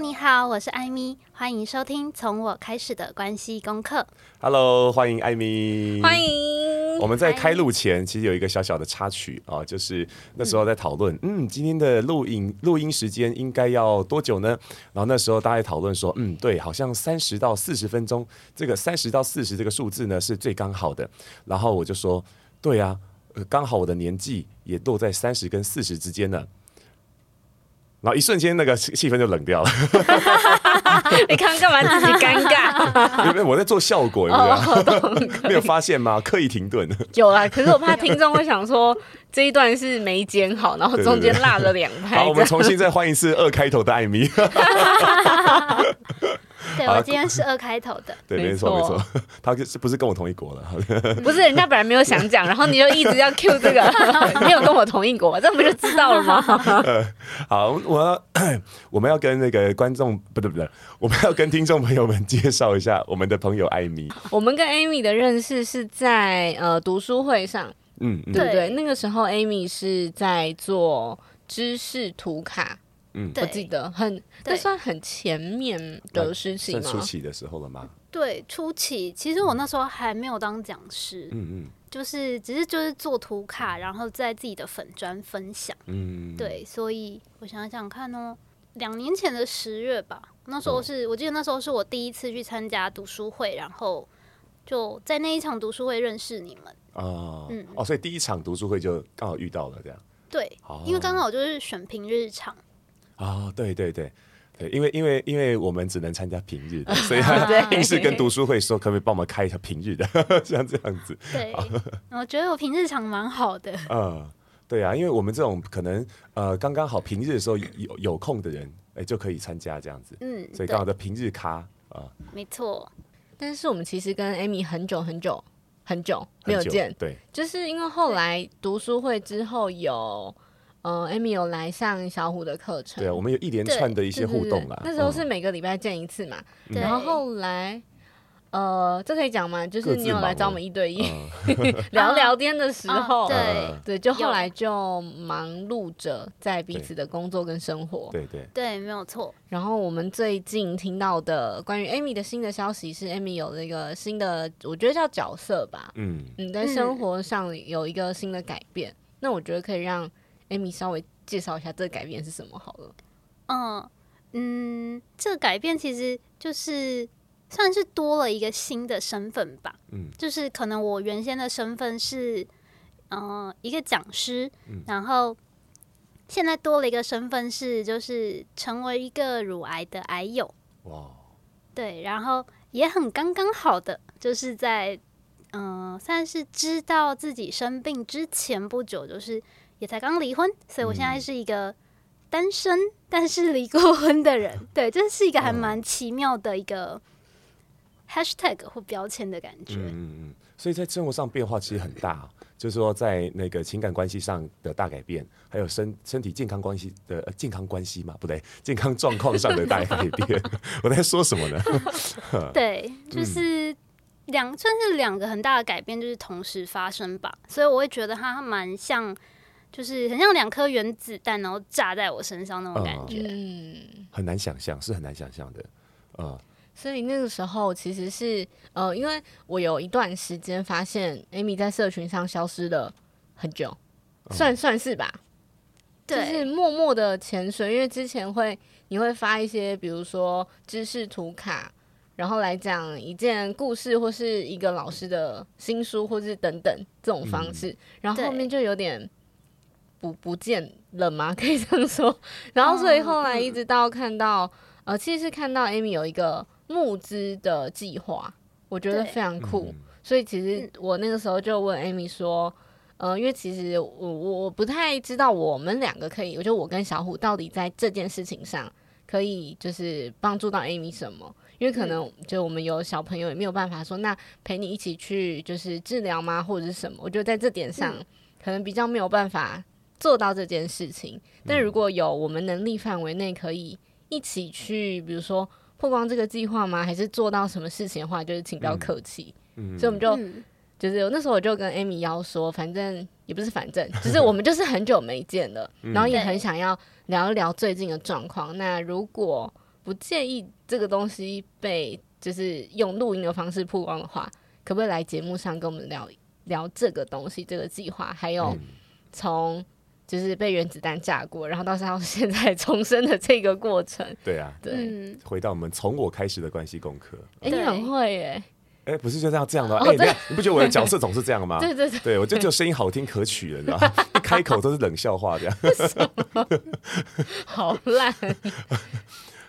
你好，我是艾咪，歡迎收聽從我開始的關係功課。Hello，歡迎艾咪，歡迎。我們在開錄前其實有一個小小的插曲啊，就是那時候在討論，嗯，嗯今天的錄影錄音時間應該要多久呢？然後那時候大家討論說，嗯，對，好像三十到四十分鐘，這個三十到四十這個數字呢是最剛好的。然後我就說，對啊，呃、剛好我的年紀也都在三十跟四十之間呢。好，一瞬間那個氣氛就冷掉了。 你看幹嘛自己尷尬？ 沒有，我在做效果，有、 哦、沒有發現嗎？刻意停頓。有啊，可是我怕聽眾會想說 這一段是沒剪好，然後中間落了兩拍。對對對。好，我們重新再歡迎一次二開頭的艾咪。 對、啊，我今天是二開頭的，對，沒錯，沒錯，沒錯 他是不是跟我同一國的？不是， 人家本來沒有想講，然後你就一直要 cue 這個， 沒有跟我同一國，這不就知道了嗎？ 呃，好，我我們要跟那個觀眾，不對不對，我們要跟聽眾朋友們介紹一下我們的朋友艾咪。我們跟艾咪的認識是在呃讀書會上，嗯，嗯對對、對，那個時候艾咪是在做知識圖卡。嗯，不記得很，這算很前面的事情嗎？算初期的時候了嗎？嗯、對，初期其實我那時候還沒有當講師，嗯嗯，就是只是就是做圖卡，然後在自己的粉專分享，嗯對，所以我想想看哦，兩年前的十月吧，那時候是、嗯、我記得那時候是我第一次去參加讀書會，然後就在那一場讀書會認識你們哦嗯哦，所以第一場讀書會就剛好遇到了這樣，對，哦、因為剛好就是選平日場。啊、哦，對對對，對，因為因為因為我們只能參加平日，嗯，所以硬，啊嗯、是跟讀書會說，可不可以幫我們開一下平日的，呵呵像這樣子。對，我覺得我平日常蠻好的。嗯、呃，對啊，因為我們這種可能呃剛剛好平日的時候有有空的人，哎、欸、就可以參加這樣子。嗯，所以剛好在平日咖，呃、沒錯，但是我們其實跟 Amy 很久很久很久，很久沒有見，對，就是因為後來讀書會之後有。呃，Amy 有來上小虎的課程。對、啊、我們有一連串的一些互動啦。對對對，那時候是每個禮拜見一次嘛、嗯，然後後來，呃，這可以講嗎？就是你有來找我們一對一 聊聊天的時候，啊哦、對對，就後來就忙碌着在彼此的工作跟生活。對對對，對，沒有錯。然後我們最近聽到的關於 Amy 的新的消息是，Amy 有了一個新的，我覺得叫角色吧。嗯，你在生活上有一個新的改變，嗯、那我覺得可以讓。艾咪，稍微介紹一下這個改變是什麼好了。嗯、呃、嗯，這個改變其實就是算是多了一個新的身份吧。嗯，就是可能我原先的身份是嗯、呃、一個講師、嗯，然後現在多了一個身份是就是成為一個乳癌的癌友。哇，對，然後也很剛剛好的，就是在嗯、呃、算是知道自己生病之前不久，就是。也才剛離婚，所以我現在是一個單身，嗯、但是離過婚的人。對，這、就是一個還蠻奇妙的一個 #hashtag 或標籤的感覺。嗯嗯，所以在生活上變化其實很大，啊，就是說在那個情感關係上的大改變，還有身身體健康關係的、呃、健康關係嘛，不對，健康狀況上的大改變。 我在說什麼呢？ 對，就是兩，算是兩個很大的改變，就是同時發生吧。所以我會覺得它蠻像。就是很像兩顆原子彈，然後炸在我身上那種感覺，嗯，很難想象，是很難想象的，啊、嗯。所以那個時候其實是呃，因為我有一段時間發現 Amy 在社群上消失了很久，算算是吧，對、嗯，就是默默的潛水。因為之前會你會發一些比如說知識圖卡，然後來講一件故事或是一個老師的新書，或是等等這種方式，嗯、然後後面就有點。不不見了嗎？可以這樣說。 然後，所以後來一直到看到、哦、呃，其實是看到 Amy 有一個募資的計劃，我覺得非常酷、嗯。所以其實我那個時候就問 Amy 說，嗯、呃，因為其實我我不太知道我們兩個可以，我覺得我跟小虎到底在這件事情上可以就是幫助到 Amy 什麼？因為可能就我們有小朋友也沒有辦法說，嗯、那陪你一起去就是治療嗎，或者是什麼？我覺得在這點上可能比較沒有辦法。做到這件事情，但如果有我們能力範圍內可以一起去，比如說曝光這個計劃嗎？還是做到什麼事情的話，就是請不要客氣、嗯嗯。所以我們就、嗯、就是那時候我就跟 Amy 要說，反正也不是反正，就是我們就是很久沒見了， 然後也很想要聊一聊最近的狀況、嗯。那如果不介意這個東西被就是用錄音的方式曝光的話，可不可以來節目上跟我們聊聊這個東西、這個計劃，還有從？就是被原子彈炸過，然後到時候現在重生的這個過程。對啊，對，回到我們從我開始的關係功課。哎、嗯，你很會耶。哎，不是就這樣這樣的話？哎、哦，你你不覺得我的角色總是這樣嗎？ 對對對。對我就，就聲音好聽可取了，你知道嗎？ 一開口都是冷笑話這樣。好爛。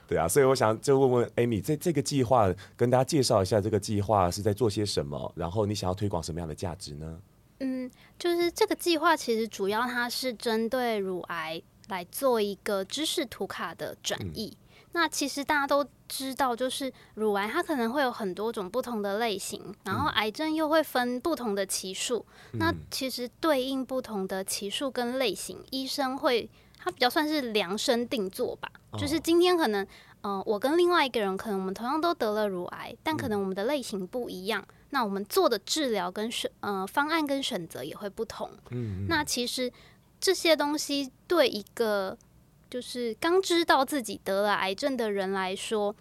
對啊，所以我想就問問艾咪，在這個計劃跟大家介紹一下，這個計劃是在做些什麼，然後你想要推廣什麼樣的價值呢？嗯，就是這個計劃其實主要它是針對乳癌來做一個知識圖卡的轉譯、嗯。那其實大家都知道，就是乳癌它可能會有很多種不同的類型，嗯、然後癌症又會分不同的期數、嗯。那其實對應不同的期數跟類型，嗯、醫生會他比較算是量身定做吧。哦、就是今天可能，嗯、呃，我跟另外一個人可能我們同樣都得了乳癌，但可能我們的類型不一樣。嗯那我們做的治療跟選呃，方案跟選擇也會不同。嗯嗯。那其實這些東西對一個就是剛知道自己得了癌症的人來說，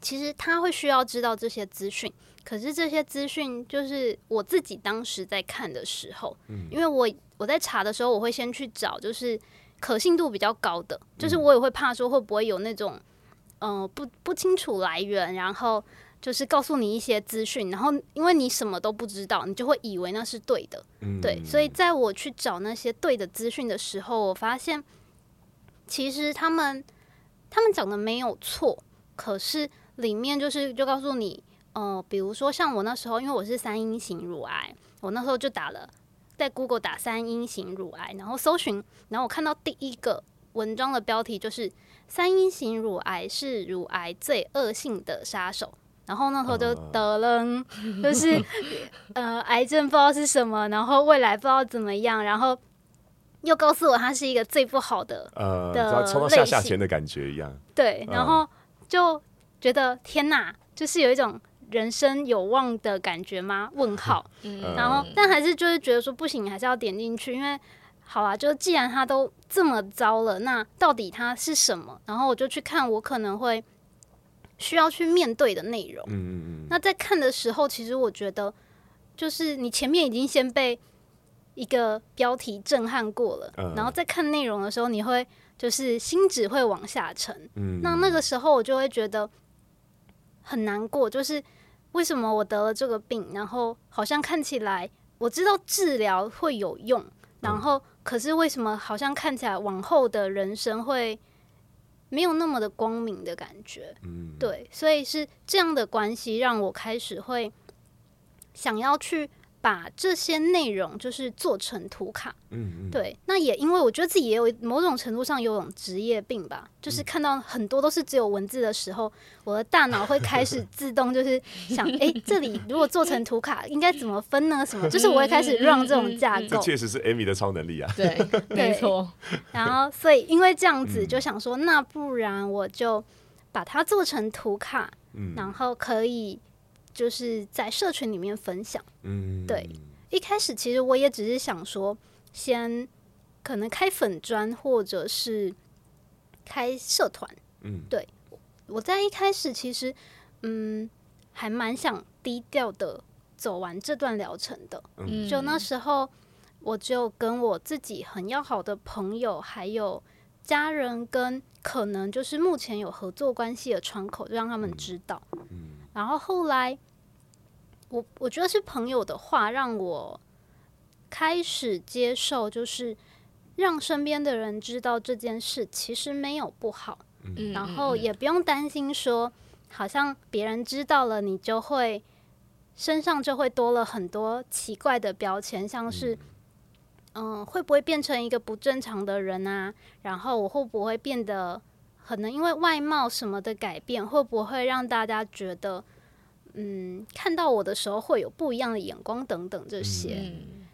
其實他會需要知道這些資訊。可是這些資訊就是我自己當時在看的時候，嗯、因為我我在查的時候，我會先去找就是可信度比較高的，嗯、就是我也會怕說會不會有那種嗯、呃、不不清楚來源，然後。就是告訴你一些資訊，然後因為你什麼都不知道，你就會以為那是對的，嗯、對。所以在我去找那些對的資訊的時候，我發現其實他們他們講的沒有錯，可是裡面就是就告訴你，呃，比如說像我那時候，因為我是三陰型乳癌，我那時候就打了在 Google 打三陰型乳癌，然後搜尋，然後我看到第一個文章的標題就是三陰型乳癌是乳癌最惡性的殺手。然後那頭就得了、呃，就是 呃，癌症不知道是什麼，然後未來不知道怎麼樣，然後又告訴我他是一個最不好的，呃，抽到下下籤的感覺一樣。對，呃、然後就覺得天哪，就是有一種人生有望的感覺嗎？問號。嗯、然後、嗯、但還是就是覺得說不行，還是要點進去，因為好啊，就既然他都這麼糟了，那到底他是什麼？然後我就去看，我可能會需要去面對的內容。嗯。那在看的時候，其實我覺得，就是你前面已經先被一個標題震撼過了，呃。然後再看內容的時候，你會就是心只會往下沉。嗯。那那個時候，我就會覺得很難過，就是為什麼我得了這個病？然後好像看起來，我知道治療會有用，然後可是為什麼好像看起來往後的人生會？沒有那麼的光明的感覺，嗯，對，所以是這樣的關係讓我開始會想要去。把這些內容就是做成圖卡，嗯，嗯對。那也因為我覺得自己也有某種程度上有種職業病吧，就是看到很多都是只有文字的時候，嗯、我的大腦會開始自動就是想，哎、 欸，這裡如果做成圖卡 應該怎麼分呢？什麼？就是我會開始讓這種架構，這確實是 Amy 的超能力啊。對，沒錯。然後，所以因為這樣子就想說、嗯，那不然我就把它做成圖卡，嗯、然後可以。就是在社群裡面分享，嗯，對。一開始其實我也只是想說，先可能開粉專或者是開社團，嗯，對。我在一開始其實，嗯，還蠻想低調的走完這段療程的。就那時候，我就跟我自己很要好的朋友，還有家人，跟可能就是目前有合作關係的窗口，讓他們知道。嗯嗯然後後來，我我覺得是朋友的話，讓我開始接受，就是讓身邊的人知道這件事，其實沒有不好，嗯，然後也不用擔心說，好像別人知道了你就會身上就會多了很多奇怪的標籤，像是嗯、呃，會不會變成一個不正常的人啊？然後我會不會變得？可能因為外貌什麼的改變，會不會讓大家覺得，嗯，看到我的時候會有不一樣的眼光等等這些？嗯、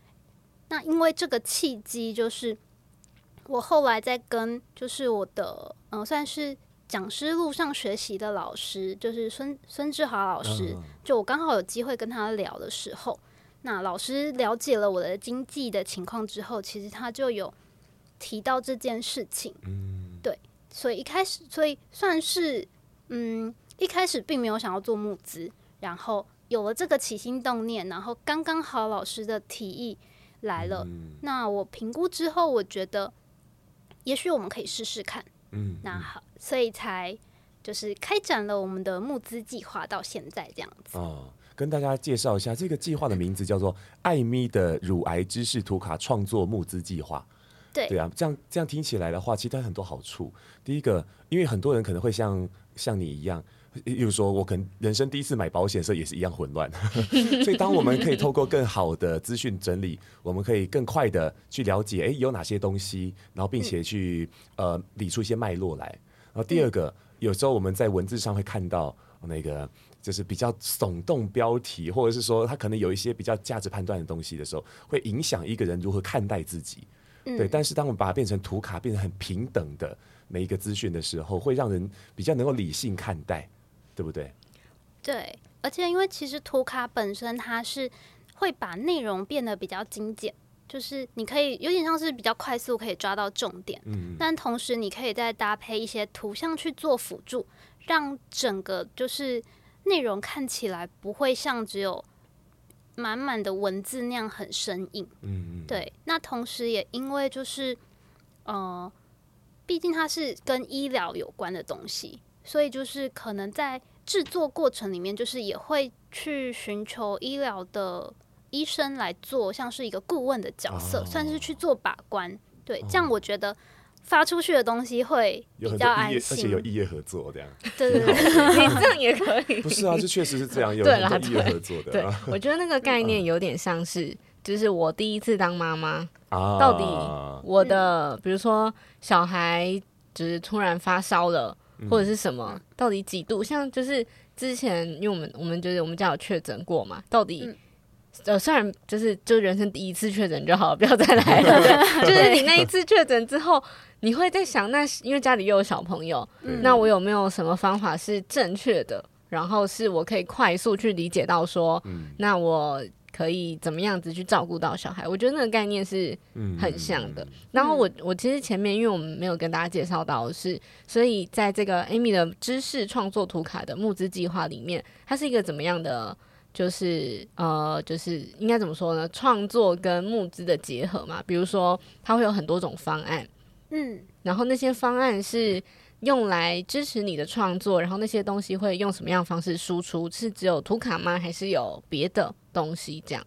那因為這個契機，就是我後來在跟就是我的嗯、呃，算是講師路上學習的老師，就是孫孫志豪老師，哦、就我剛好有機會跟他聊的時候，那老師了解了我的經濟的情況之後，其實他就有提到這件事情。嗯所以一開始，所以算是嗯，一開始並沒有想要做募資，然後有了這個起心動念，然後剛剛好老師的提議來了。嗯、那我評估之後，我覺得也許我們可以試試看。嗯，嗯，那好，所以才就是開展了我們的募資計劃，到現在這樣子。啊、哦，跟大家介紹一下，這個計劃的名字叫做“艾咪的乳癌知識圖卡創作募資計劃”。對啊，這樣這樣聽起來的話，其實它有很多好處。第一個，因為很多人可能會像像你一樣，比如說我可能人生第一次買保險的時候也是一樣混亂， 所以當我們可以透過更好的資訊整理，我們可以更快的去了解，哎，有哪些東西，然後並且去、嗯、呃理出一些脈絡來。然後第二個、嗯，有時候我們在文字上會看到那個就是比較聳動標題，或者是說它可能有一些比較價值判斷的東西的時候，會影響一個人如何看待自己。對，但是當我們把它變成圖卡，變得很平等的每一個資訊的時候，會讓人比較能夠理性看待，對不對？對，而且因為其實圖卡本身它是會把內容變得比較精簡，就是你可以有點像是比較快速可以抓到重點，嗯，但同時你可以再搭配一些圖像去做輔助，讓整個就是內容看起來不會像只有。滿滿的文字那樣很生硬。嗯，對。那同時也因為就是，呃，畢竟它是跟醫療有關的東西，所以就是可能在制作過程裡面，就是也會去尋求醫療的醫生來做，像是一個顧問的角色，哦，算是去做把關。對，哦，這樣我覺得。發出去的東西會比較安心，而且有異業合作這樣，對對對， 這樣也可以。不是啊，這確實是這樣，有有異業合作的、啊，對對。對，我覺得那個概念有點像是，嗯、就是我第一次當媽媽、啊，到底我的，嗯、比如說小孩就是突然發燒了，或者是什麼、嗯，到底幾度？像就是之前，因為我們我們就是我們家有確診過嘛，到底、嗯。呃，雖然就是就人生第一次確診就好了，不要再來了。 就是你那一次確診之後，你會在想那，那因為家裡又有小朋友、嗯，那我有沒有什麼方法是正確的？然後是我可以快速去理解到說，嗯、那我可以怎麼樣子去照顧到小孩？我覺得那個概念是很像的。嗯嗯，然後我我其實前面因為我們沒有跟大家介紹到是，所以在這個 Amy 的知識創作圖卡的募資計劃裡面，它是一個怎麼樣的？就是呃，就是應該怎麼說呢？創作跟募資的結合嘛。比如說，它會有很多種方案，嗯，然後那些方案是用來支持你的創作，然後那些東西會用什麼樣的方式輸出？是只有圖卡嗎？還是有別的東西？這樣？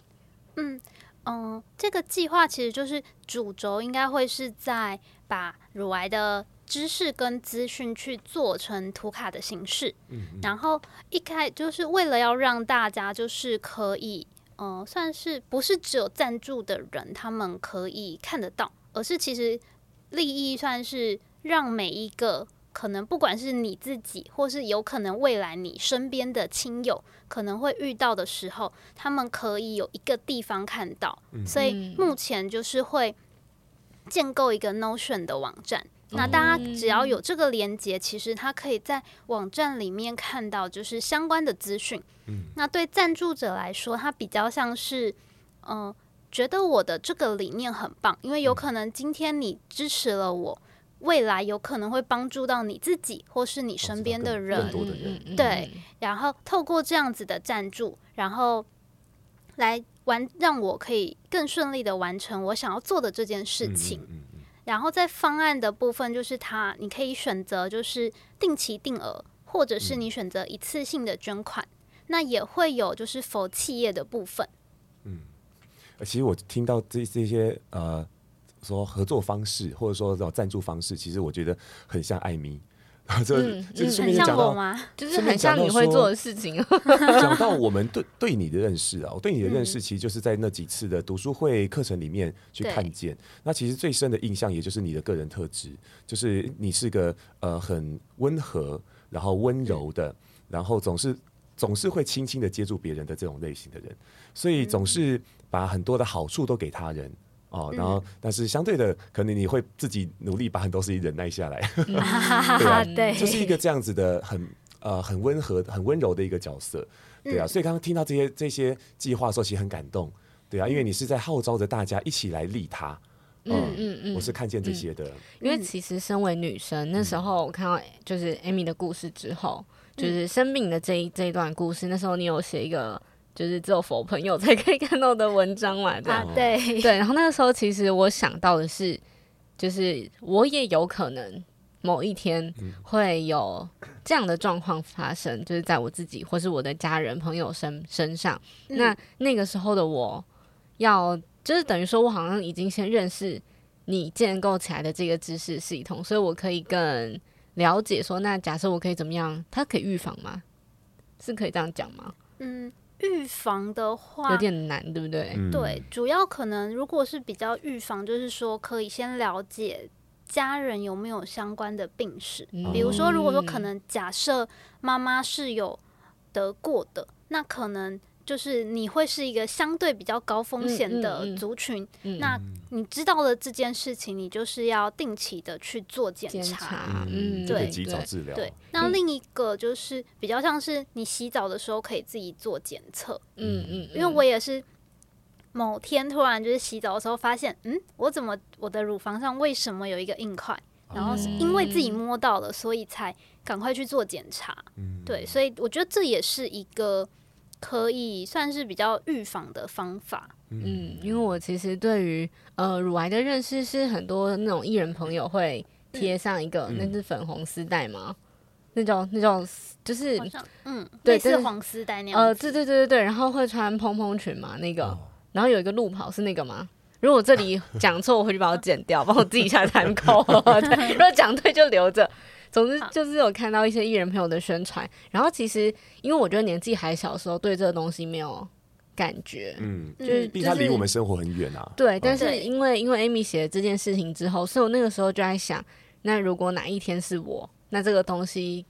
嗯嗯、呃，這個計劃其實就是主軸應該會是在把乳癌的。知識跟資訊去做成圖卡的形式，然後一開就是為了要讓大家就是可以，嗯，算是不是只有贊助的人他們可以看得到，而是其實利益算是讓每一個可能不管是你自己或是有可能未來你身邊的親友可能會遇到的時候，他們可以有一個地方看到，所以目前就是會建構一個 Notion 的網站。那大家只要有這個連結、嗯，其實他可以在網站裡面看到，就是相關的資訊、嗯。那對贊助者來說，他比較像是，嗯、呃，覺得我的這個理念很棒，因為有可能今天你支持了我，嗯、未來有可能會幫助到你自己或是你身邊的人，啊、更多的人、嗯嗯。對，然後透過這樣子的贊助，然後來完讓我可以更順利的完成我想要做的這件事情。嗯嗯嗯然後在方案的部分，就是它，你可以選擇就是定期定額，或者是你選擇一次性的捐款，嗯、那也會有就是否企業的部分。嗯，其實我聽到這這些呃說合作方式，或者說贊助方式，其實我覺得很像艾咪。這、 嗯就是、嗯、很像我嗎？就是很像你會做的事情。講到, 到我們對對你的認識啊，我對你的認識其實就是在那幾次的讀書會課程裡面去看見、嗯。那其實最深的印象，也就是你的個人特質，就是你是個呃很溫和，然後溫柔的、嗯，然後總是總是會輕輕的接住別人的這種類型的人，所以總是把很多的好處都給他人。哦，然後、嗯、但是相對的，可能你會自己努力把很多事情忍耐下來，啊、呵呵對、啊、對，就是一個這樣子的很呃很溫和、很溫柔的一個角色，對啊，嗯、所以剛剛聽到這些這些計劃的時候，其實很感動，對啊，因為你是在號召着大家一起來利他，嗯嗯嗯，嗯，我是看見這些的、嗯，因為其實身為女生，那時候我看到就是 Amy 的故事之後，嗯、就是生病的這一這一段故事，那時候你有寫一個。就是只有佛朋友才可以看到的文章嘛？對、啊、對對。然後那個時候，其實我想到的是，就是我也有可能某一天會有這樣的狀況發生、嗯，就是在我自己或是我的家人朋友身身上、嗯。那那個時候的我要，要就是等於說我好像已經先認識你建構起來的這個知識系統，所以我可以更了解說，那假設我可以怎麼樣？它可以預防嗎？是可以這樣講嗎？嗯。預防的話有點難，對不對、嗯？對，主要可能如果是比較預防，就是說可以先了解家人有沒有相關的病史，嗯、比如說如果說可能假設媽媽是有得過的，那可能。就是你會是一個相對比較高風險的族群，嗯嗯嗯，那你知道了這件事情，你就是要定期的去做檢查，嗯，對，對，那另一個就是比較像是你洗澡的時候可以自己做檢測，嗯嗯，因為我也是某天突然就是洗澡的時候發現，嗯，我怎麼我的乳房上為什麼有一個硬塊？然後是因為自己摸到了，所以才趕快去做檢查，嗯，對，所以我覺得這也是一個。可以算是比較預防的方法。嗯，因為我其實對於呃乳癌的認識是很多那種藝人朋友會貼上一個、嗯、那是粉紅絲帶嗎？嗯、那種那種就，就是嗯，對，是黃絲帶那樣。呃，對對對對對，然後會穿蓬蓬裙嘛，那個，然後有一個路跑是那個嗎？如果這裡講錯，我回去把我剪掉，把、啊、我自己下彈考。 如果講對就留着。總之就是有看到一些藝人朋友的宣傳、啊，然後其實因為我覺得年紀還小的時候對這個東西沒有感覺，嗯，就是畢竟他離我們生活很遠啊。對，但是因為、哦、因為 Amy 寫了這件事情之後，所以我那個時候就在想，那如果哪一天是我，那這個東西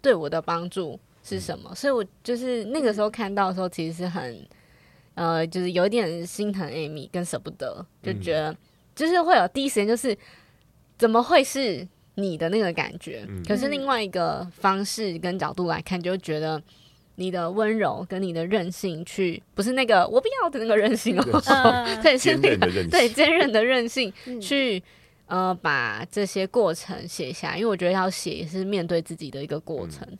對我的幫助是什麼、嗯？所以我就是那個時候看到的時候，其實是很呃，就是有一點心疼 Amy 跟捨不得，就覺得、嗯、就是會有第一時間就是怎麼會是。你的那個感覺、嗯，可是另外一個方式跟角度來看，就覺得你的溫柔跟你的韌性去，去不是那個我不要的那個韌性哦、喔，嗯、 對，呃是那個、堅韌的韌性，對，堅韌的韌性、嗯、去呃把這些過程寫下來，因為我覺得要寫也是面對自己的一個過程。嗯、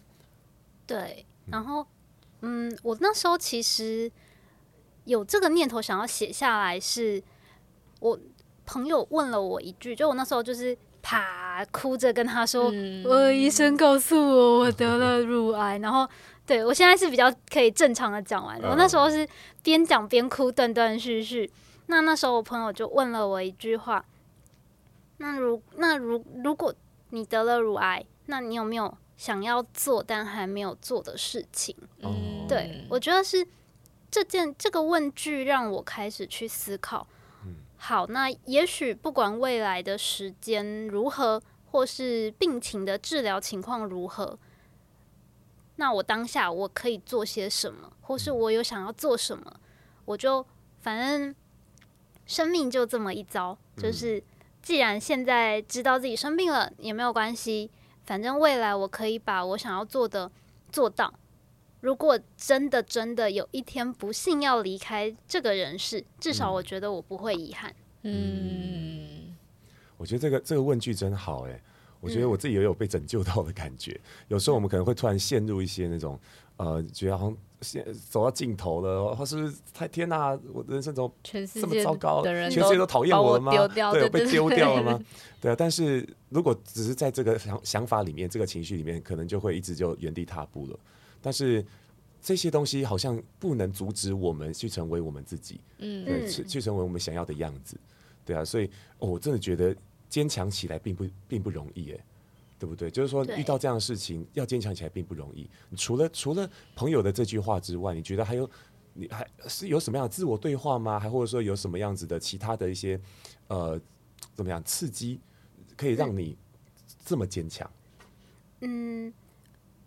對，然後嗯，我那時候其實有這個念頭想要寫下來是，是我朋友問了我一句，就我那時候就是。啪！哭着跟他說：“嗯、我的醫生告訴我，我得了乳癌。 ”然後，對，我現在是比較可以正常的講完。我、uh. 那時候是邊講邊哭，斷斷續續。那那時候我朋友就問了我一句話：“那如那如如果你得了乳癌，那你有沒有想要做但還沒有做的事情？” uh. 對，我覺得是這件這個問句讓我開始去思考。好，那也許不管未來的時間如何，或是病情的治療情況如何，那我當下我可以做些什麼，或是我有想要做什麼，我就反正生命就這麼一遭，嗯。就是既然現在知道自己生病了也沒有關係，反正未來我可以把我想要做的做到。如果真的真的有一天不幸要離開這個人世，至少我覺得我不會遺憾。嗯。嗯，我覺得這個這個問句真好哎、欸，我覺得我自己也有被拯救到的感覺。嗯、有時候我們可能會突然陷入一些那種呃，覺得好像現走到盡頭了，或是太天吶、啊？我人生怎麼這麼糟糕，全世界都討厭我了嗎？丟掉，對，被丟掉了嗎？ 對啊，但是如果只是在這個想想法裡面，這個情緒裡面，可能就會一直就原地踏步了。但是這些東西好像不能阻止我們去成為我們自己，嗯，對，去成為我們想要的樣子，對啊，所以，哦，我真的覺得堅強起來並不並不容易，哎，對不對？就是說遇到這樣的事情要堅強起來並不容易。除了除了朋友的這句話之外，你覺得還有你還是有什麼樣的自我對話嗎？還或者說有什麼樣子的其他的一些呃，怎麼樣刺激可以讓你這麼堅強？嗯。嗯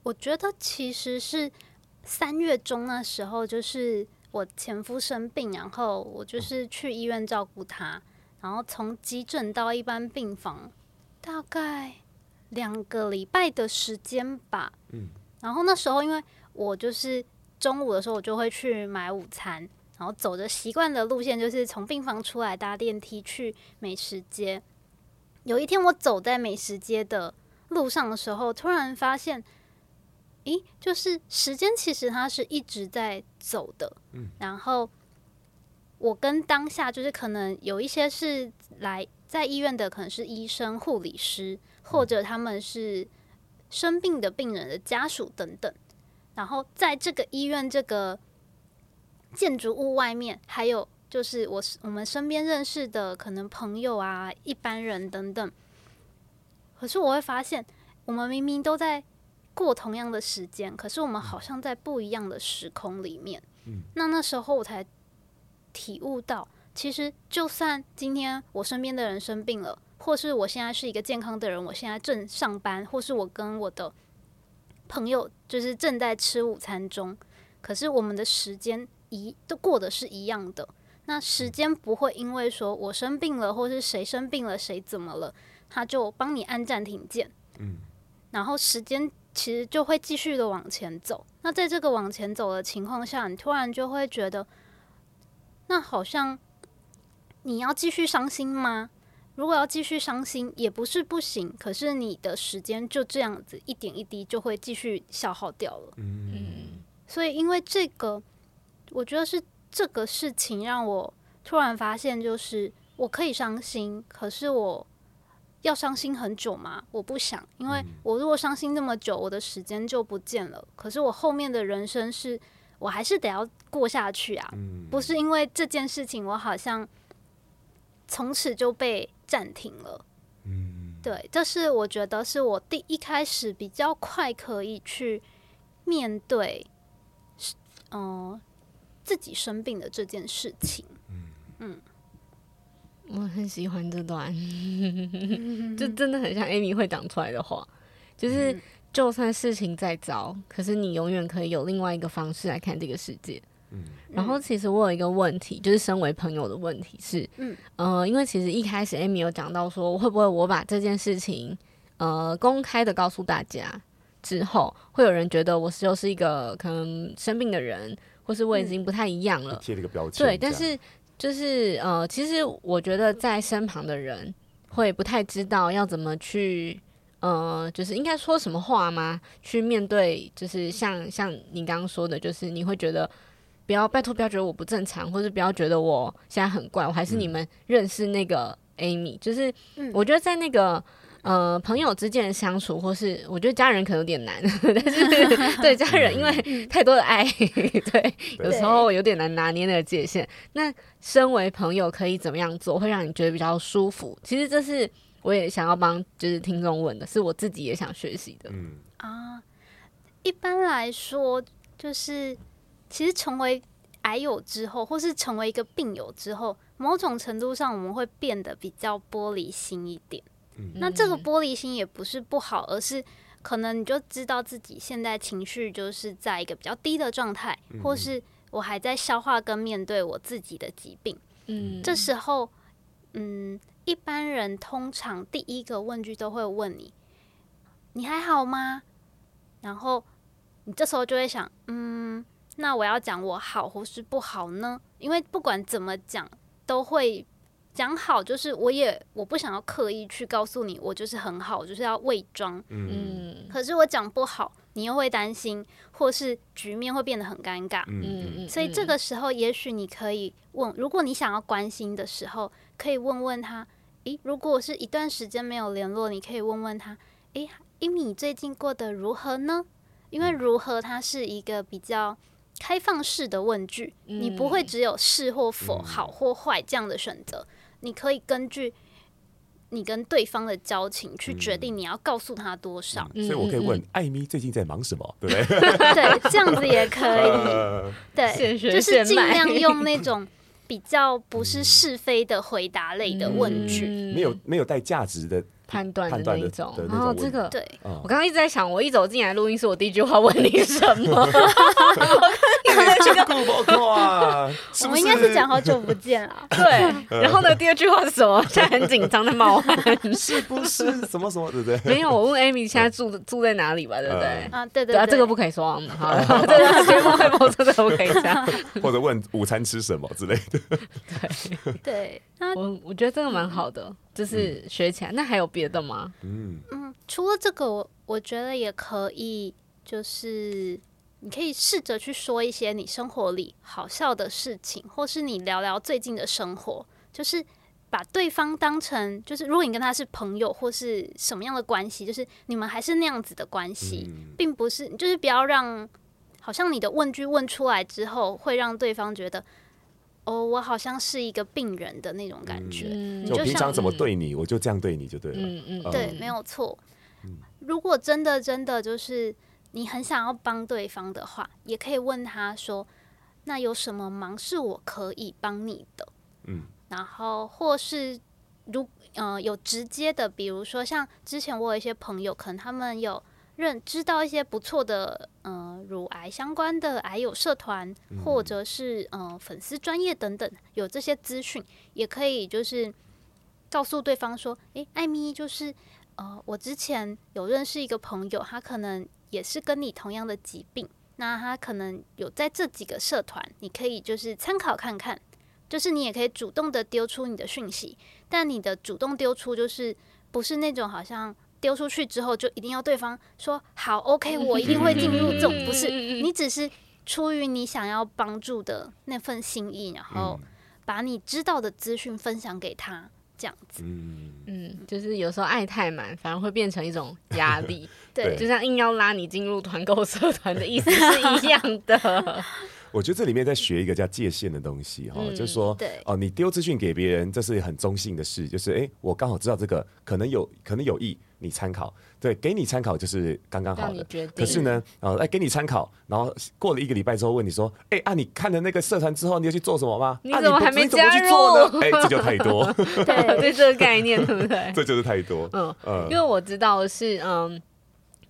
我覺得其實是三月中那時候，就是我前夫生病，然後我就是去醫院照顧他，然後從急診到一般病房，大概兩個禮拜的時間吧。嗯，然後那時候因為我就是中午的時候，我就會去買午餐，然後走着習慣的路線，就是從病房出來搭電梯去美食街。有一天我走在美食街的路上的時候，突然發現。咦，就是時間其實它是一直在走的，嗯。然後我跟當下，就是可能有一些是來在醫院的，可能是醫生、護理師，嗯，或者他們是生病的病人的家屬等等。然後在這個醫院這個建築物外面，還有就是我我們身邊認識的可能朋友啊、一般人等等。可是我會發現，我們明明都在。過同樣的時間，可是我們好像在不一樣的時空裡面。嗯，那那時候我才體悟到，其實就算今天我身邊的人生病了，或是我現在是一個健康的人，我現在正上班，或是我跟我的朋友就是正在吃午餐中，可是我們的時間一都過得是一樣的。那時間不會因為說我生病了，或是誰生病了，誰怎麼了，他就幫你按暫停鍵。然後時間。其實就會繼續的往前走。那在這個往前走的情況下，你突然就會覺得，那好像你要繼續傷心嗎？如果要繼續傷心，也不是不行。可是你的時間就這樣子一點一滴就會繼續消耗掉了。嗯，所以因為這個，我覺得是這個事情讓我突然發現，就是我可以傷心，可是我，要傷心很久嗎？我不想，因為我如果傷心那麼久，嗯、我的時間就不見了。可是我後面的人生是我還是得要過下去啊，嗯、不是因為這件事情，我好像從此就被暫停了、嗯。對，這是我覺得是我第一開始比較快可以去面對，嗯、呃，自己生病的這件事情。嗯。嗯我很喜歡這段， 就真的很像 Amy 會講出來的話，就是就算事情再糟，可是你永遠可以有另外一個方式來看這個世界。然後其實我有一個問題，就是身為朋友的問題是，嗯，因為其實一開始 Amy 有講到說，會不會我把這件事情呃公開的告訴大家之後，會有人覺得我就是一個可能生病的人，或是我已經不太一樣了，對，但是。就是呃，其實我覺得在身旁的人會不太知道要怎麼去呃,就是應該說什麼話嗎？去面對就是像、像你剛剛說的，就是你會覺得不要拜託，不要覺得我不正常，或者不要覺得我現在很怪，我還是你們認識那個 Amy，嗯。就是我覺得在那個。呃，朋友之間的相處，或是我覺得家人可能有點難，但是 對家人，因為太多的愛， 對，有時候有點難拿捏那個界限。那身為朋友可以怎麼樣做，會讓你覺得比較舒服？其實這是我也想要幫，就是聽眾問的，是我自己也想學習的。嗯啊，uh, 一般來說，就是其實成為癌友之後，或是成為一個病友之後，某種程度上我們會變得比較玻璃心一點。那這個玻璃心也不是不好，而是可能你就知道自己現在情緒就是在一個比較低的狀態，或是我還在消化跟面對我自己的疾病。嗯，這時候，嗯，一般人通常第一個問句都會問你：“你還好嗎？”然後你這時候就會想：“嗯，那我要講我好或是不好呢？”因為不管怎麼講，都會。講好就是我也我不想要刻意去告訴你我就是很好，我就是要偽裝，嗯，可是我講不好你又會擔心，或是局面會變得很尷尬，嗯，所以這個時候也許你可以問，如果你想要關心的時候，可以問問他，誒、欸，如果是一段時間沒有聯絡，你可以問問他，誒，艾咪，你最近過得如何呢？因為如何它是一個比較開放式的問句，你不會只有是或否、嗯、好或壞這樣的選擇。你可以根據你跟對方的交情去決定你要告訴他多少、嗯嗯，所以我可以問、嗯、艾咪最近在忙什麼，對不對？ 對，這樣子也可以。呃、對血血血，就是盡量用那種比較不是是非的回答類的問句，嗯嗯、沒有沒有帶價值的判斷判斷的，判斷的那一種。對，然後這個，對、嗯、我剛剛一直在想，我一走進來錄音室，我第一句話問你什麼？ 這 個對 不顧啊，是不是？我們應該是講好久不見啊。對，然後呢？呃、第二句話是什麼？現在很緊張的冒汗， 是不是？什麼什麼？對不對，對？沒有，我問艾咪現在住、嗯、住在哪裡吧？對不對？啊，對對、對、啊，這個不可以說。好的，這個絕不會這個不可以說。或者問午餐吃什麼之類的。對對那，我我覺得這個蠻好的、嗯，就是學起來。嗯、那還有別的嗎？嗯嗯，除了這個，我我覺得也可以，就是。你可以試着去說一些你生活裡好笑的事情，或是你聊聊最近的生活，就是把對方當成就是，如果你跟他是朋友或是什麼樣的關係，就是你們還是那樣子的關係，嗯、並不是就是不要讓好像你的問句問出來之後，會讓對方覺得哦，我好像是一個病人的那種感覺。嗯、你就就我平常怎麼對你、嗯，我就這樣對你就對了。嗯嗯，對嗯，沒有錯。如果真的真的就是。你很想要幫對方的話，也可以問他說：“那有什麼忙是我可以幫你的？”嗯，然後或是如嗯、呃、有直接的，比如說像之前我有一些朋友，可能他們有認知道一些不錯的嗯、呃、乳癌相關的癌友社團、嗯，或者是嗯、呃、粉絲專業等等，有這些資訊，也可以就是告訴對方說：“誒、欸，艾咪就是。”呃，我之前有認識一個朋友，他可能也是跟你同樣的疾病，那他可能有在這幾個社團，你可以就是參考看看，就是你也可以主動的丟出你的訊息，但你的主動丟出就是不是那種好像丟出去之後就一定要對方說好，OK，我一定會進入這種，不是，你只是出於你想要幫助的那份心意，然後把你知道的資訊分享給他。這樣子，嗯嗯，就是有時候愛太滿反而會變成一種壓力， 對，就像硬要拉你進入團購社團的意思是一樣的。 我覺得這裡面在學一個叫界限的東西，哈、哦嗯，就是說，對哦，你丟資訊給別人，這是很中性的事，就是，哎、欸，我剛好知道這個，可能有，可能有意。你參考，對，給你參考就是剛剛好的。你可是呢，然、呃、哎，給你參考，然後過了一個禮拜之後問你說，哎，啊，你看了那個社團之後，你要去做什麼嗎？你怎麼還沒加入？哎、啊， 這就太多。對 對，對這個概念，對不對？ 這就是太多，嗯嗯，因為我知道是嗯，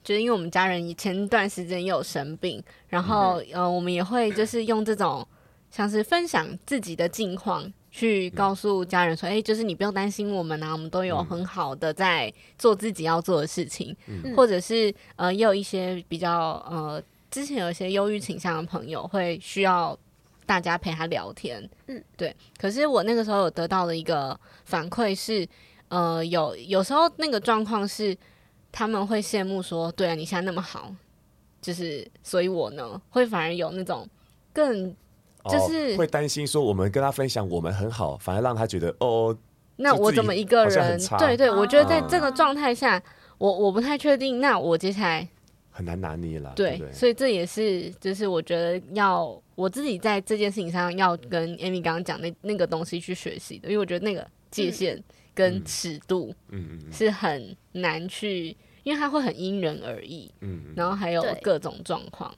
就是因為我們家人以前段時間也有生病，然後、嗯、呃，我們也會就是用這種像是分享自己的近況。去告訴家人說：“哎、嗯欸，就是你不用擔心我們吶、啊，我們都有很好的在做自己要做的事情，嗯、或者是呃，也有一些比較呃，之前有一些憂鬱傾向的朋友會需要大家陪他聊天，嗯，對。可是我那個時候有得到的一個反饋是，呃，有有時候那個狀況是他們會羨慕說，對啊，你現在那麼好，就是所以我呢會反而有那種更。”哦、就是會擔心說，我們跟他分享我們很好，反而讓他覺得哦，那我怎麼一個人？對對，我覺得在這個狀態下，啊、我我不太確定。那我接下來很難拿捏了。對，對，對，所以這也是就是我覺得要我自己在這件事情上要跟 Amy 剛剛講那那個東西去學習的，因為我覺得那個界限跟尺度，嗯嗯，是很難去、嗯嗯嗯嗯，因為它會很因人而異嗯，嗯，然後還有各種狀況。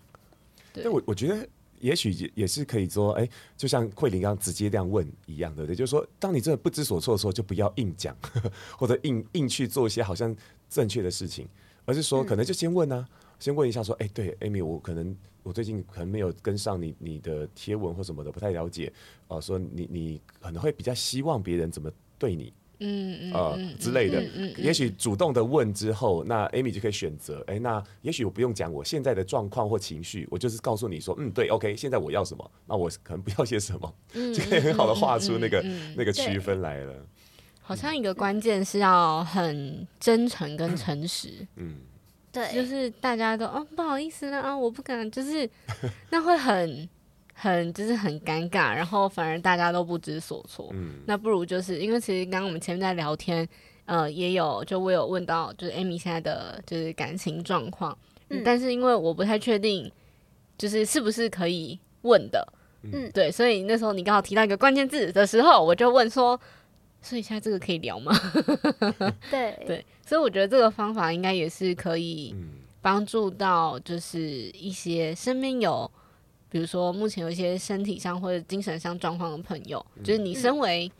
對，對對我我覺得。也許也是可以說，哎、欸，就像慧玲剛直接這樣問一樣，的，也就是說，當你真的不知所措的時候，就不要硬講，呵呵，或者硬硬去做一些好像正確的事情，而是說，可能就先問啊，嗯、先問一下，說，哎、欸，對，艾咪，我可能我最近可能沒有跟上你你的貼文或什麼的，不太了解，啊，說你你可能會比較希望別人怎麼對你。嗯嗯嗯、呃，之類的，嗯，嗯嗯嗯，也許主動的問之後，那 Amy 就可以選擇，哎、欸，那也許我不用講我現在的狀況或情緒，我就是告訴你說，嗯，對，OK，現在我要什麼，那我可能不要些什麼，嗯，就可以很好的畫出那個、嗯嗯嗯、那個區分來了。好像一個關鍵是要很真誠跟誠實，嗯，對，就是大家都，哦，不好意思了啊，我不敢，就是那會很。 很就是很尷尬，然後反而大家都不知所措。嗯，那不如就是因為其實剛剛我們前面在聊天，呃，也有就我有問到就是 Amy 現在的就是感情狀況，嗯，但是因為我不太確定，就是是不是可以問的，嗯，對，所以那時候你剛好提到一個關鍵字的時候，我就問說，所以現在這個可以聊嗎？ 對對，所以我覺得這個方法應該也是可以幫助到，就是一些身邊有。比如說，目前有一些身體上或者精神上狀況的朋友，就是你身為、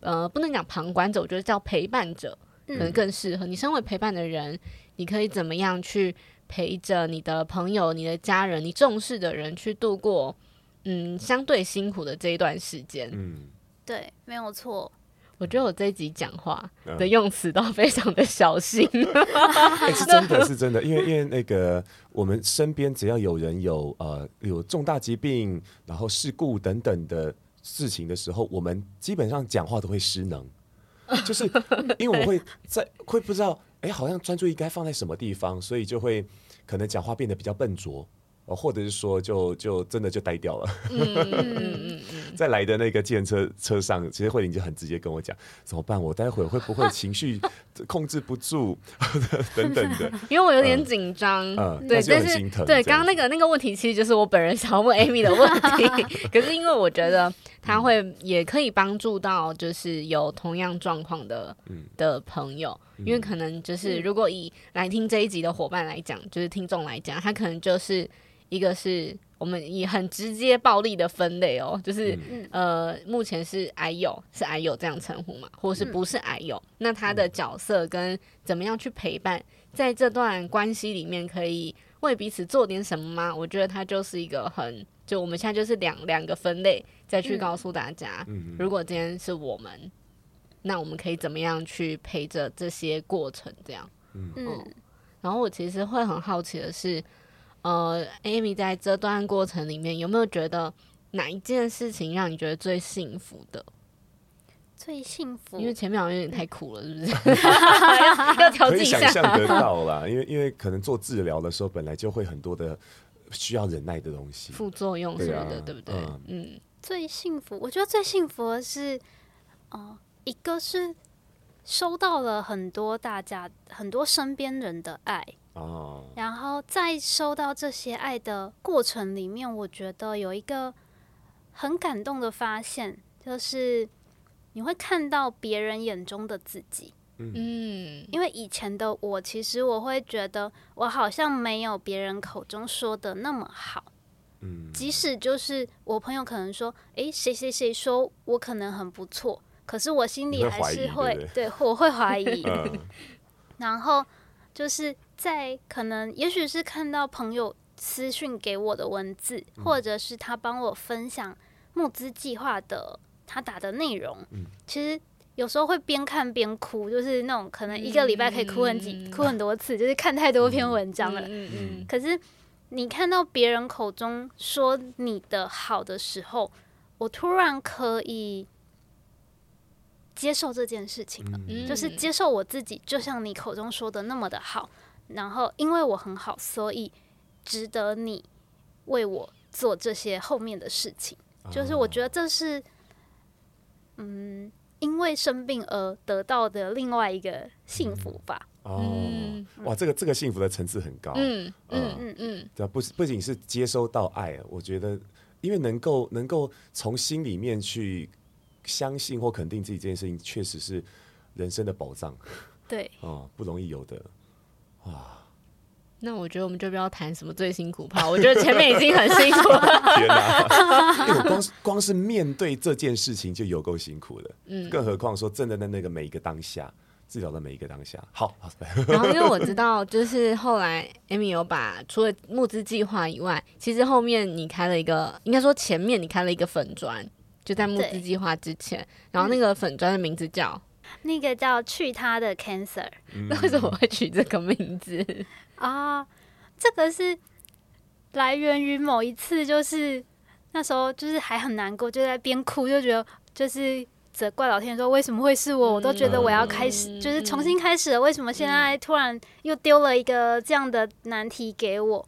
嗯、呃不能講旁觀者，我覺得叫陪伴者可能更適合、嗯。你身為陪伴的人，你可以怎麼樣去陪着你的朋友、你的家人、你重視的人去度過嗯相對辛苦的這一段時間、嗯。對，沒有錯。我覺得我這一集講話的用詞都非常的小心，嗯 欸，是真的，是真的。因為因為那個我們身邊，只要有人有呃有重大疾病，然後事故等等的事情的時候，我們基本上講話都會失能，就是因為我會在會不知道，哎、欸，好像專注應該放在什麼地方，所以就會可能講話變得比較笨拙，或者是說就就真的就呆掉了。嗯 在來的那個計程車車上，其實慧玲就很直接跟我講：“怎麼辦？我待會會不會情緒控制不住？ 等等的。”因為我有點緊張、嗯。對，但是對，剛剛那個那個問題，其實就是我本人想要問 Amy 的問題。 可是因為我覺得他會也可以幫助到，就是有同樣狀況的 的朋友，因為可能就是如果以來聽這一集的伙伴來講，就是聽眾來講，他可能就是一個是。我們以很直接、暴力的分類哦，就是、嗯、呃，目前是癌友是癌友這樣稱呼嘛，或是不是癌友、嗯，那他的角色跟怎麼樣去陪伴，在這段關係裡面可以為彼此做點什麼嗎？我覺得他就是一個很，就我們現在就是兩兩個分類再去告訴大家、嗯，如果今天是我們，那我們可以怎麼樣去陪着這些過程？這樣，嗯、哦，然後我其實會很好奇的是。呃，Amy 在這段過程裡面有沒有覺得哪一件事情讓你覺得最幸福的？最幸福？因為前面好像有點太苦了，是不是？要調整一下。可以想象得到啦，因 為因為可能做治療的時候本來就會很多的需要忍耐的東西，副作用什麼的，對啊、對不對？嗯，最幸福，我覺得最幸福的是、呃，一個是收到了很多大家、很多身邊人的愛。然後在收到這些愛的過程裡面，我覺得有一個很感動的發現，就是你會看到別人眼中的自己。嗯，因為以前的我，其實我會覺得我好像沒有別人口中說的那麼好。嗯，即使就是我朋友可能說，哎，誰誰誰說我可能很不錯，可是我心裡還是會，會對，對，對我會懷疑。 然後就是。在可能也許是看到朋友私訊給我的文字，嗯、或者是他幫我分享募資計劃的他打的內容，嗯，其實有時候會邊看邊哭，就是那種可能一個禮拜可以哭很幾、嗯嗯、哭很多次，啊，就是看太多篇文章了。嗯嗯嗯，可是你看到別人口中說你的好的時候，我突然可以接受這件事情了，嗯、就是接受我自己，就像你口中說的那麼的好。然後，因為我很好，所以值得你為我做這些後面的事情、啊。就是我覺得這是，嗯，因為生病而得到的另外一個幸福吧。嗯、哦、嗯，哇，這個、嗯、這個幸福的層次很高。嗯嗯嗯、呃、嗯，對，不不僅是接收到愛，我覺得因為能夠能夠從心裡面去相信或肯定自己這件事情，確實是人生的寶藏。對，啊、嗯，不容易有的。啊，那我覺得我們就不要談什麼最辛苦吧。 我覺得前面已經很辛苦了、 啊。欸、光是光是面對這件事情就有夠辛苦的。嗯，更何況說真的在那個每一個當下，至少在每一個當下。好，然後因為我知道，就是後來艾咪有把除了募資計劃以外，其實後面你開了一個，應該說前面你開了一個粉專，就在募資計劃之前。然後那個粉專的名字叫。那個叫“去她的 cancer”，、嗯、那為什麼會取這個名字啊？這個是來源於某一次，就是那時候就是還很難過，就在邊哭，就覺得就是責怪老天說為什麼會是我、嗯，我都覺得我要開始、嗯、就是重新開始了、嗯，為什麼現在突然又丟了一個這樣的難題給我？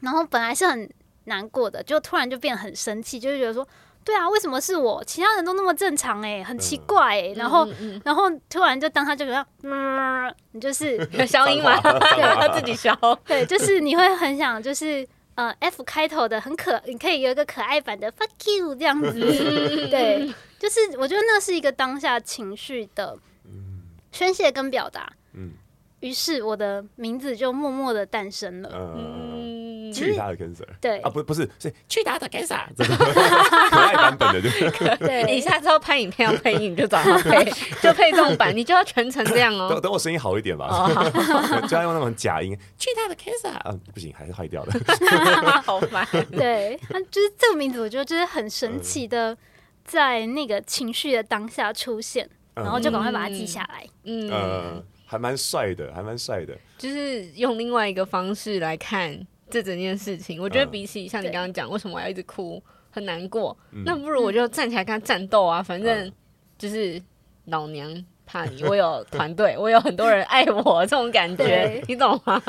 然後本來是很難過的，就突然就變得很生氣，就是覺得說。對啊，為什麼是我？其他人都那麼正常哎、欸，很奇怪哎、欸嗯。然後、嗯，然後突然就當他就這樣、嗯，你就是消音嘛， 啊、他自己消。 對，就是你會很想就是呃，F 開頭的很可，你可以有一個可愛版的 fuck you 這樣子。嗯、對、嗯，就是我覺得那是一個當下情緒的宣洩跟表達。嗯、於是我的名字就默默的誕生了。嗯。嗯去她的 Cancer、嗯、對啊，不不是是去她的 Cancer 可愛版本的。了， 對，一 下之後拍影片 要配音，一個字幕，就配這種版， 你就要全程這樣哦。等，等我聲音好一點吧，哦、 就要用那種假音去她的 Cancer 嗯，不行，還是壞掉了。 好煩，對、啊，就是這個名字，我覺得就是很神奇的，在那個情緒的當下出現，嗯、然後就趕快把它記下來。嗯，嗯嗯呃、還蠻帥的，還蠻帥的，就是用另外一個方式來看。這整件事情，我覺得比起像你剛剛講，嗯、為什麼我要一直哭很難過，嗯？那不如我就站起來跟他戰鬥啊！反正就是老娘、嗯、怕你，我有團隊， 我有很多人愛我，這種感覺，你懂嗎？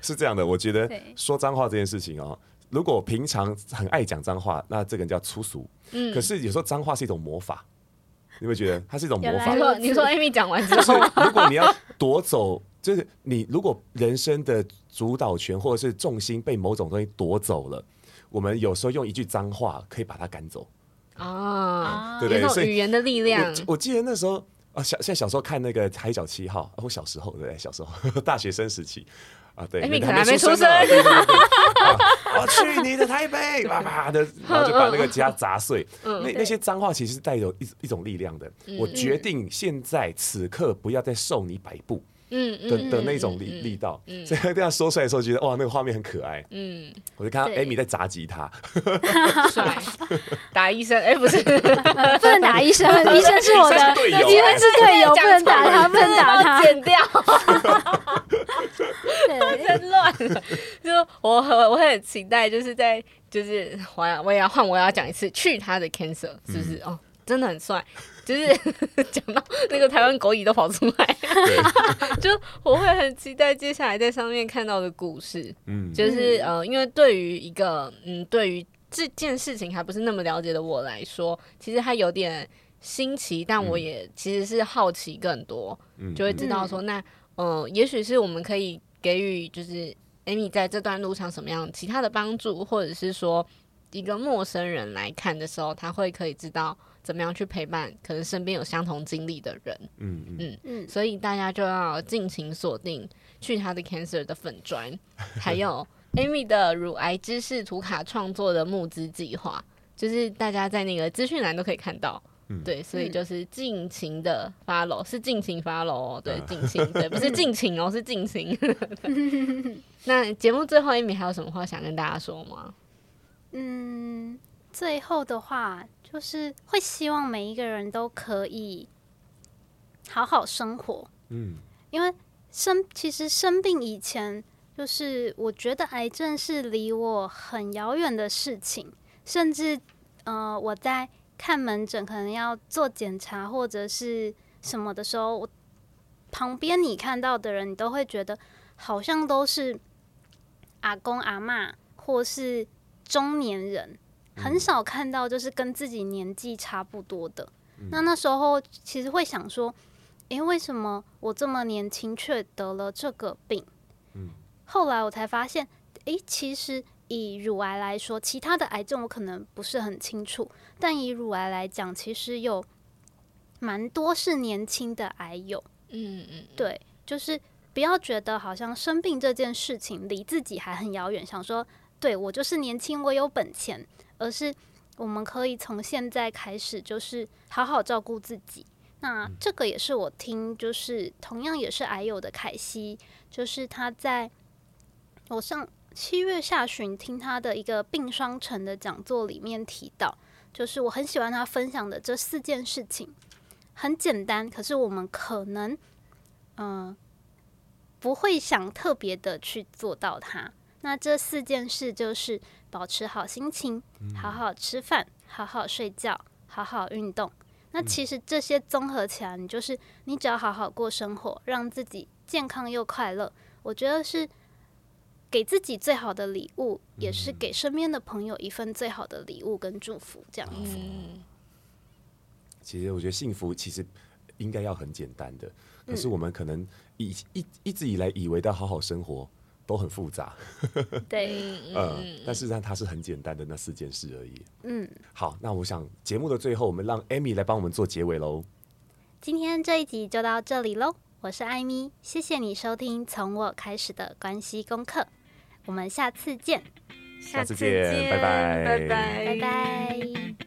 是這樣的，我覺得說髒話這件事情哦，如果平常很愛講髒話，那這個人叫粗俗。嗯、可是有時候髒話是一種魔法，你會覺得它是一種魔法？你說 Amy 講完之後，就是、如果你要奪走， 就是你如果人生的。主導權或者是重心被某種東西奪走了，我們有時候用一句髒話可以把他趕走、哦嗯、啊，對不對，對、啊，所以語言的力量。我，我記得那時候啊，小像小時候看那個《海角七號》啊，我小時候對，小時候大學生時期啊，對，你、欸欸、可能還沒出生。我、 啊啊、去你的台北，啪啪的，然後就把那個吉他砸碎。 嗯、那那些髒話其實是帶有一一種力量的。嗯、我決定現在、嗯、此刻不要再受你擺布。嗯，嗯，嗯的的那種力力道、嗯嗯嗯，所以這他說出來的時候，覺得、嗯、哇，那個畫面很可愛。嗯，我就看到艾咪在砸吉他，帥，打醫生哎，欸、不是不能打醫生， 醫生是我的，醫生是隊友，是友、欸，不能打他，他不能打他，剪掉，真亂了。 就我我很期待就，就是在就是我我也要換，我要講一次，去他的 cancer，是不是？嗯、哦，真的很帥。就是講 到那個台灣狗蟻都跑出來， 就我會很期待接下來在上面看到的故事。嗯，就是呃，因為對於一個嗯，對於這件事情還不是那麼了解的我來說，其實它有點新奇，但我也其實是好奇更多，嗯、就會知道說，嗯、那呃，也許是我們可以給予就是 Amy 在這段路上什麼樣其他的幫助，或者是說一個陌生人來看的時候，他會可以知道。怎麼樣去陪伴？可能身邊有相同經歷的人，嗯嗯，嗯，所以大家就要盡情鎖定去她的 cancer 的粉專，還有 Amy 的乳癌知識圖卡創作的募資計劃，就是大家在那個資訊欄都可以看到、嗯。對，所以就是盡情的 follow，是盡情 follow、哦、對，盡、啊、情對，不是盡情哦， 是盡盡情。 那節目最後，Amy 還有什麼話想跟大家說嗎？嗯，最後的話。就是會希望每一個人都可以好好生活，嗯，因為生其實生病以前，就是我覺得癌症是離我很遙遠的事情，甚至呃，我在看門診，可能要做檢查或者是什麼的時候，我旁邊你看到的人，你都會覺得好像都是阿公阿嬤或是中年人。很少看到就是跟自己年紀差不多的。嗯，那那時候其實會想說，誒、欸，為什麼我這麼年輕卻得了這個病？嗯，後來我才發現，誒、欸，其實以乳癌來說，其他的癌症我可能不是很清楚，但以乳癌來講，其實有蠻多是年輕的癌友。嗯嗯，對，就是不要覺得好像生病這件事情離自己還很遙遠，想說，對，我就是年輕，我有本錢。而是我們可以從現在開始，就是好好照顧自己。那這個也是我聽，就是同樣也是癌友的凱西，就是他在我上七月下旬聽他的一個病雙城的講座裡面提到，就是我很喜歡他分享的這四件事情，很簡單，可是我們可能嗯、呃、不會想特別的去做到它。那這四件事就是保持好心情，嗯、好好吃飯，好好睡覺，好好運動。那其實這些綜合起來，你就是你只要好好過生活，讓自己健康又快樂，我覺得是給自己最好的禮物、嗯，也是給身邊的朋友一份最好的禮物跟祝福。這樣子、嗯。其實我覺得幸福其實應該要很簡單的，可是我們可能以一一直以來以為的好好生活。都很複雜， 對，但、呃、但事實上它是很簡單的那四件事而已。嗯，好，那我想節目的最後，我們讓 Amy 來幫我們做結尾嘍。今天這一集就到這裡嘍，我是艾咪，謝謝你收聽《從我開始的關係功課》，我們下次見，下次見，拜拜，拜拜，拜拜。拜拜